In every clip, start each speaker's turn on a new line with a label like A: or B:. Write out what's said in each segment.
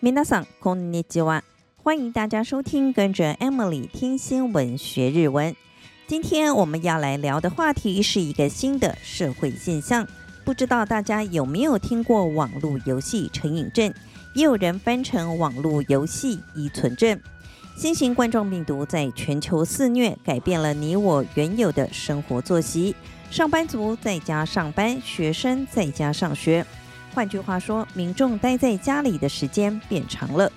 A: 皆さん、こんにちは。歡迎大家收聽，跟着 Emily 聽新聞學日文。今天我們要來聊的話題是一個新的社會現象，不知道大家有沒有聽過網絡遊戲成癮症，也有人翻成網絡遊戲依存症。新型冠狀病毒在全球肆虐，改變了你我原有的生活作息，上班族在家上班，學生在家上學。換句話說，民眾待在家裡的時間變長了，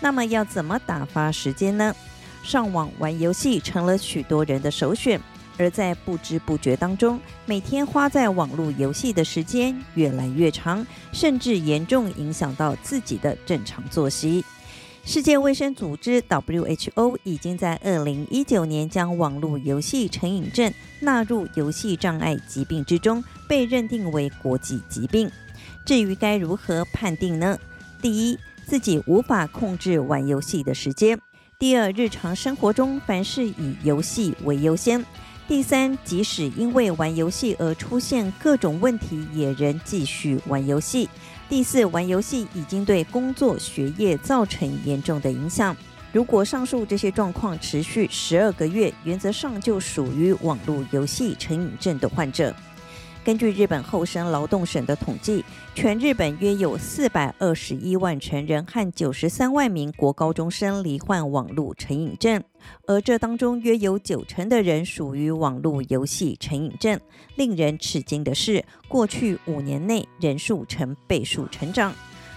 A: 那麼要怎麼打發時間呢？上網玩遊戲成了許多人的首選，而在不知不覺當中，每天花在網絡遊戲的時間越來越長，甚至嚴重影響到自己的正常作息。世界衛生組織 （WHO） 已經在二零一九年將網絡遊戲成癮症納入遊戲障礙疾病之中，被認定為國際疾病。至於該如何判定呢？第一，自己無法控制玩遊戲的時間；第二，日常生活中凡事以遊戲為優先；第三，即使因為玩遊戲而出現各種問題，也仍繼續玩遊戲；第四，玩遊戲已經對工作、學業造成嚴重的影響。如果上述這些狀況持續十二個月，原則上就屬於網絡遊戲成癮症的患者。根據日本厚生勞動省的統計，全日本約有四百二十一萬成人和九十三萬名國高中生罹患網絡成癮症，而這當中約有九成的人屬於網絡遊戲成癮症。令人吃驚的是，過去五年內人數呈倍數成長。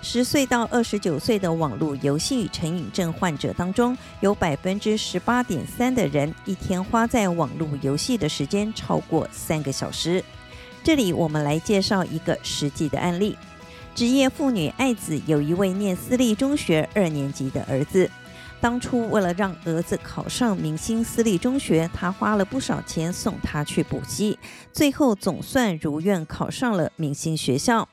A: 十歲到二十九歲的網絡遊戲成癮症患者當中，有百分之十八點三的人一天花在網絡遊戲的時間超過三個小時。這裡我們來介紹一個實際的案例：職業婦女愛子有一位念私立中學二年級的兒子。當初為了讓兒子考上明星私立中學，她花了不少錢送他去補習，最後總算如願考上了明星學校。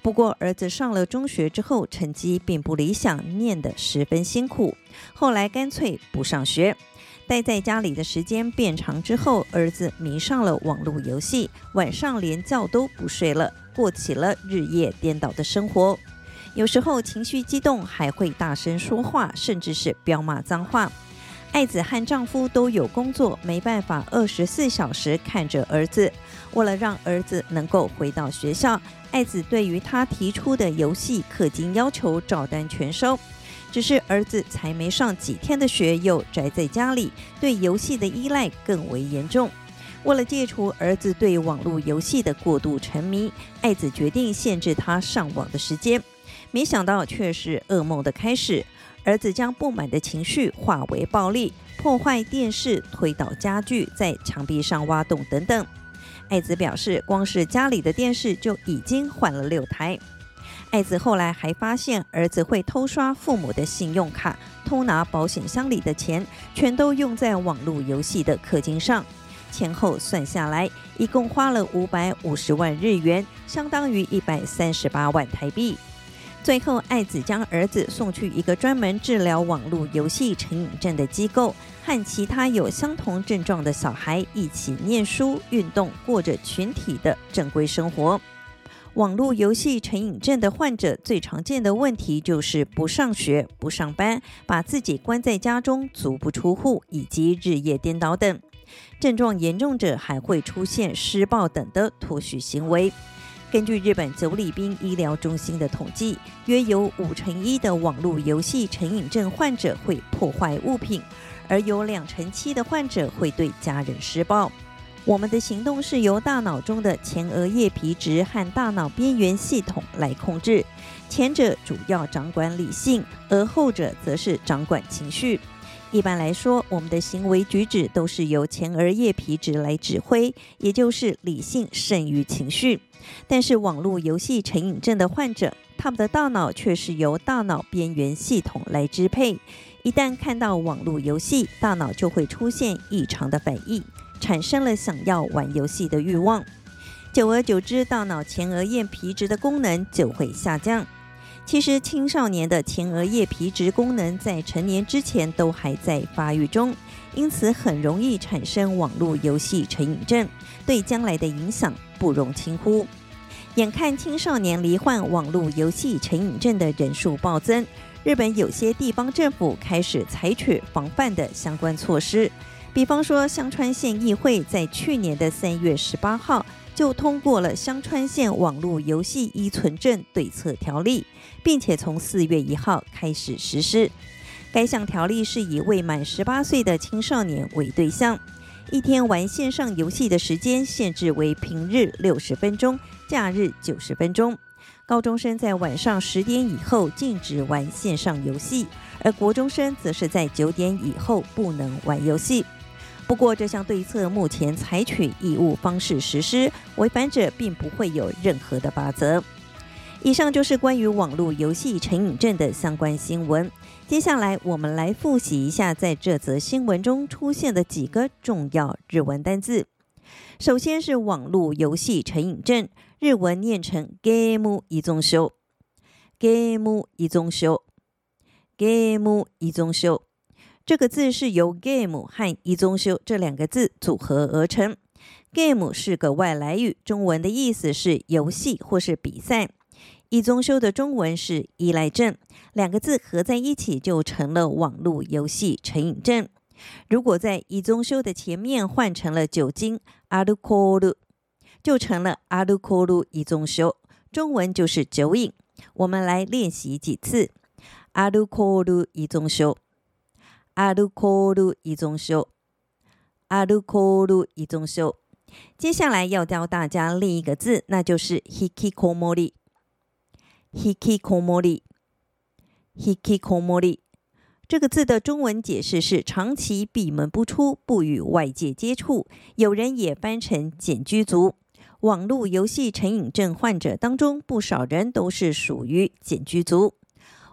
A: 不過兒子上了中學之後，成績並不理想，念得十分辛苦，後來乾脆不上學。待在家裡的時間變長之後，兒子迷上了網絡遊戲，晚上連覺都不睡了，過起了日夜顛倒的生活。有時候情緒激動，還會大聲說話，甚至是飆罵髒話。愛子和丈夫都有工作，沒辦法二十四小時看着兒子。為了讓兒子能夠回到學校，愛子對於他提出的遊戲氪金要求照單全收。只是兒子才沒上幾天的學，又宅在家裡，對遊戲的依賴更為嚴重。為了戒除兒子對網絡遊戲的過度沉迷，愛子決定限制他上網的時間，沒想到卻是噩夢的開始。兒子將不滿的情緒化為暴力，破壞電視、推倒家具、在牆壁上挖洞等等。愛子表示，光是家裡的電視就已經換了六台。愛子後來還發現，兒子會偷刷父母的信用卡，偷拿保險箱裡的錢，全都用在網絡遊戲的氪金上。前後算下來，一共花了五百五十萬日元，相當於一百三十八萬台幣。最後，愛子將兒子送去一個專門治療網絡遊戲成癮症的機構，和其他有相同症狀的小孩一起念書、運動，過着群體的正規生活。網絡遊戲成癮症的患者最常見的問題就是不上學、不上班，把自己關在家中、足不出戶，以及日夜顛倒等。症狀嚴重者還會出現施暴等的脫序行為。根據日本久里濱醫療中心的統計，約有五成一的網絡遊戲成癮症患者會破壞物品，而有兩成七的患者會對家人施暴。我們的行動是由大腦中的前額葉皮質和大腦邊緣系統來控制，前者主要掌管理性，而後者則是掌管情緒。一般來說，我們的行為舉止都是由前額葉皮質來指揮，也就是理性勝於情緒。但是，網絡遊戲成癮症的患者，他們的大腦卻是由大腦邊緣系統來支配。一旦看到網絡遊戲，大腦就會出現異常的反應。產生了想要玩遊戲的慾望，久而久之，大腦前額葉皮質的功能就會下降。其實，青少年的前額葉皮質功能在成年之前都還在發育中，因此很容易產生網絡遊戲成癮症，對將來的影響不容輕忽。眼看青少年罹患網絡遊戲成癮症的人數暴增，日本有些地方政府開始採取防範的相關措施。比方說，香川縣議會在去年的三月十八號就通過了香川縣網絡遊戲依存症對策條例，並且從四月一號開始實施。該項條例是以未滿十八歲的青少年為對象，一天玩線上遊戲的時間限制為平日六十分鐘，假日九十分鐘。高中生在晚上十點以後禁止玩線上遊戲，而國中生則是在九點以後不能玩遊戲。不過，這項對策目前採取義務方式實施，違反者並不會有任何的罰則。以上就是關於網絡遊戲成癮症的相關新聞。接下來，我們來複習一下在這則新聞中出現的幾個重要日文單字。首先是網絡遊戲成癮症，日文念成 “game 依存症 ”，game 依存症，game 依存症。這個字是由 “game” 和“一宗修”這兩個字組合而成。“game” 是個外來語，中文的意思是遊戲或是比賽。“一宗修”的中文是依賴症，兩個字合在一起就成了網絡遊戲成癮症。如果在“一宗修”的前面換成了酒精 alcohol，就成了 “alcohol 依宗修”，中文就是酒癮。我們來練習幾次，“alcohol 依宗修”。阿魯庫魯依存症，阿魯庫魯依存症。接下來要教大家另一個字，那就是 “hikikomori”。hikikomori，hikikomori。這個字的中文解釋是長期閉門不出，不與外界接觸。有人也翻成“繭居族”。網絡遊戲成癮症患者當中，不少人都是屬於“繭居族”。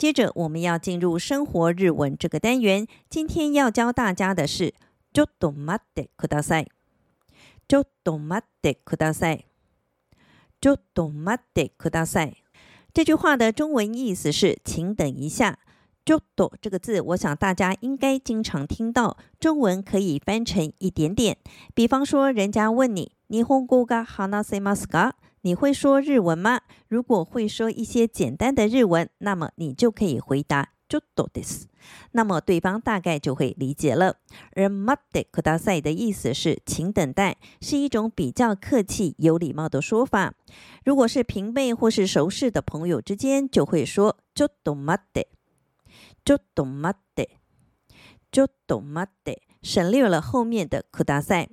A: 接着我們要進入生活日文這個單元。今天要教大家的是“ちょっと待ってください”。ちょっと待ってください。ちょっと待ってください。這句話的中文意思是“請等一下”。ちょっと這個字，我想大家應該經常聽到，中文可以翻成一點點。比方說，人家問你：“日本語が話せますか？”你會說日文嗎？如果會說一些簡單的日文，那麼你就可以回答ちょっとです。那麼對方大概就會理解了。而、嗯、待ってください的意思是請等待，是一種比較客氣有禮貌的說法。如果是平輩或是熟識的朋友之間，就會說ちょっと待って、ちょっと待っ省略了後面的“可大賽”。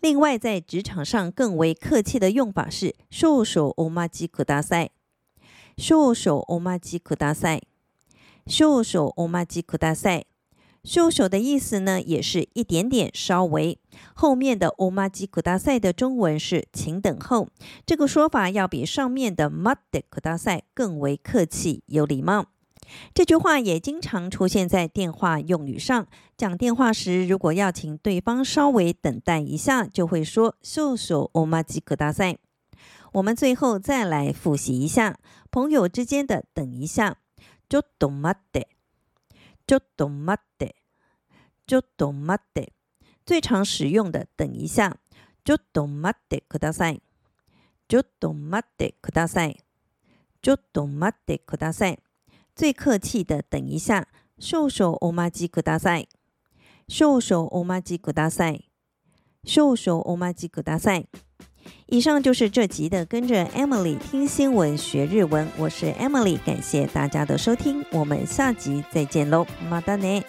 A: 另外，在職場上更為客氣的用法是 shou shou “袖手歐瑪吉可大賽” shou shou。袖手歐瑪吉可大賽。袖手歐瑪吉可大賽。袖手的意思呢，也是一點點，稍微。後面的“歐瑪吉可大賽”的中文是“請等候”。這個說法要比上面的“ m 馬德可大賽”更為客氣、有禮貌。這句話也經常出現在電話用語上，講電話時，如果要請對方稍微等待一下，就會說秀秀。我們我們最後再來複習一下，朋友之間的等一下，就都沒得，就都沒得，就都沒得。最常使用的等一下，就都沒得可搭訕，就都沒得可搭訕，就都沒得。最客氣的，等一下。少々お待ちください，少々お待ちください，少々お待ちください。以上就是這集的，跟着 Emily 聽新聞學日文。我是 Emily，感謝大家的收聽，我們下集再見嘍，またね。